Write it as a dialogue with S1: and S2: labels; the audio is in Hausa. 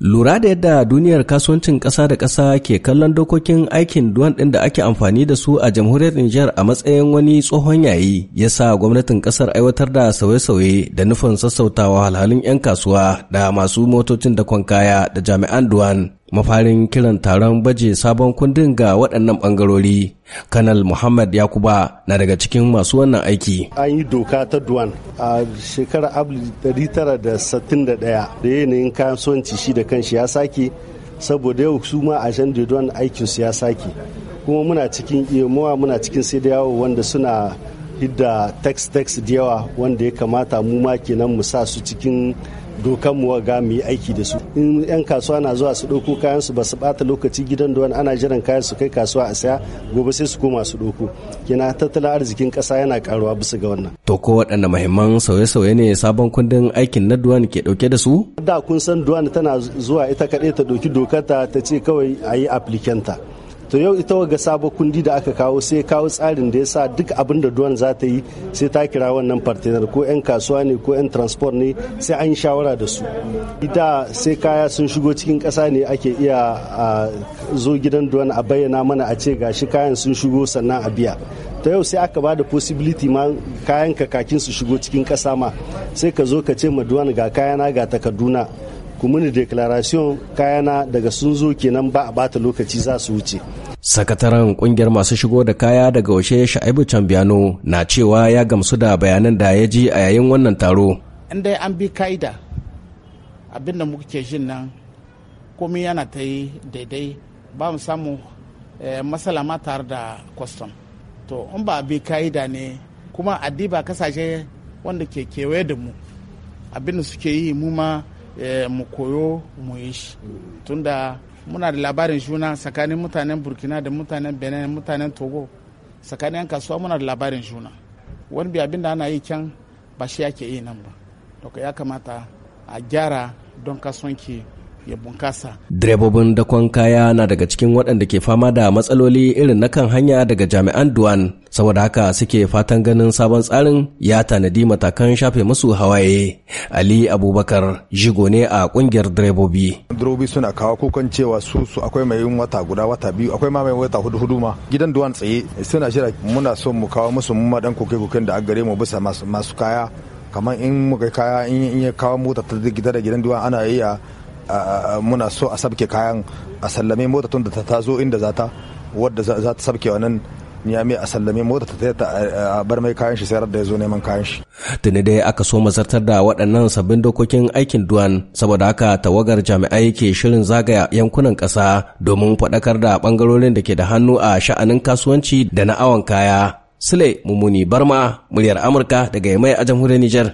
S1: lura da yadda duniyar kasuwancin ƙasa da ƙasa ke kallon dokokin aikin duwan ɗin da ake amfani da su a jamhuriyar Nijar a matsayin wani tsohon yayi ya sa gwamnatin ƙasar aiwatar da sauye-sauye da nufin sassautawa halhalin 'yan kasuwa da masu motocin da kwan kaya da jami'an duwan mafarin kiran taron baje sabon kundin ga waɗannan ɓangarori kanal muhammad yakuba na daga cikin masu wannan aiki
S2: an yi doka ta duwan a shekarar ɗaya da yanayin kayan suwanci shi da kanshi ya sake saboda yau su ma a jan duwan aikinsu ya sake kuma muna cikin iya eh, muna cikin sai da yawo wanda suna hidda tax-tax da yawa wanda ya kamata mu ma kenan mu sa su cikin dokan mu ga mu yi aiki da su in yan kasuwa na zuwa su ɗauko kayan su ba su ɓata lokaci gidan da wani ana jiran kayan su kai kasuwa a saya gobe sai su koma su ɗauko kina tattalin arzikin ƙasa yana karuwa bisa ga wannan
S1: to ko waɗanne muhimman sauye-sauye ne sabon kundin aikin na duwan ke ɗauke da su
S2: da kun san duwan tana zuwa ita kaɗai ta ɗauki dokar ta ce kawai a yi aplikanta to yau ita waga sabo kundi da aka kawo sai kawo tsarin da ya sa duk abin da duwan za ta yi sai ta kira wannan partner ko 'yan kasuwa ne ko 'yan transport ne sai an shawara da su ita sai kaya sun shigo cikin ƙasa ne ake iya zo gidan duwan a bayyana mana a ce gashi kayan sun shigo sannan a biya ta yau sai aka ba da possibility ma kayan kakakin su shigo cikin ƙasa ma sai ka zo ka ce ma duwan ga kayana ga takarduna ku mini declaration kayana daga sun zo kenan ba a bata lokaci za su wuce
S1: sakataren kungiyar masu shigo da kaya daga washe sha'ibu cambiano na cewa ya gamsu da bayanan da ya ji a yayin wannan taro
S3: in dai an bi ka'ida abinda muke jin nan komai yana ta yi daidai ba mu samu eh, matsala ma tare da kwastam to in ba a bi ka'ida ne kuma diba kasashe wanda ke kewaye da mu abinda suke yi mu ma Eh, mu koyo mu yi shi tunda muna da labarin juna tsakanin mutanen burkina da mutanen benin mutanen togo tsakanin yan kasuwa muna da labarin juna wani bi abinda da ana yi can ba shi yake yi nan ba to ya kamata a gyara don kasuwanci ya bunkasa.
S1: Direbobin dakon kaya na daga cikin waɗanda ke fama da matsaloli irin na kan hanya daga jami'an Duwan, saboda haka suke fatan ganin sabon tsarin ya tanadi matakan shafe musu hawaye. Ali Abubakar jigo ne a kungiyar direbobi.
S4: Direbobi suna kawo kukan cewa su su akwai mai yin wata guda wata biyu akwai ma mai wata hudu hudu ma gidan Duwan tsaye suna shira muna so mu kawo musu mu madan koke-koken da a gare mu bisa masu kaya kamar in muka kaya in ya kawo mota ta gida da gidan duwan ana iya muna so a sabke kayan a sallame mota tun da ta zo inda za ta wadda za ta sabke wannan Niyami a sallame mota ta ta a bar mai kayan shi sai da ya zo neman kayan shi.
S1: Tuni dai aka so mazartar da waɗannan sabbin dokokin aikin duwan saboda haka tawagar jami'ai ke shirin zagaya yankunan ƙasa domin faɗakar da ɓangarorin da ke da hannu a sha'anin kasuwanci da na awon kaya. Sule Mumuni Barma, muryar Amurka daga Yamai a
S2: jamhuriyar Nijar.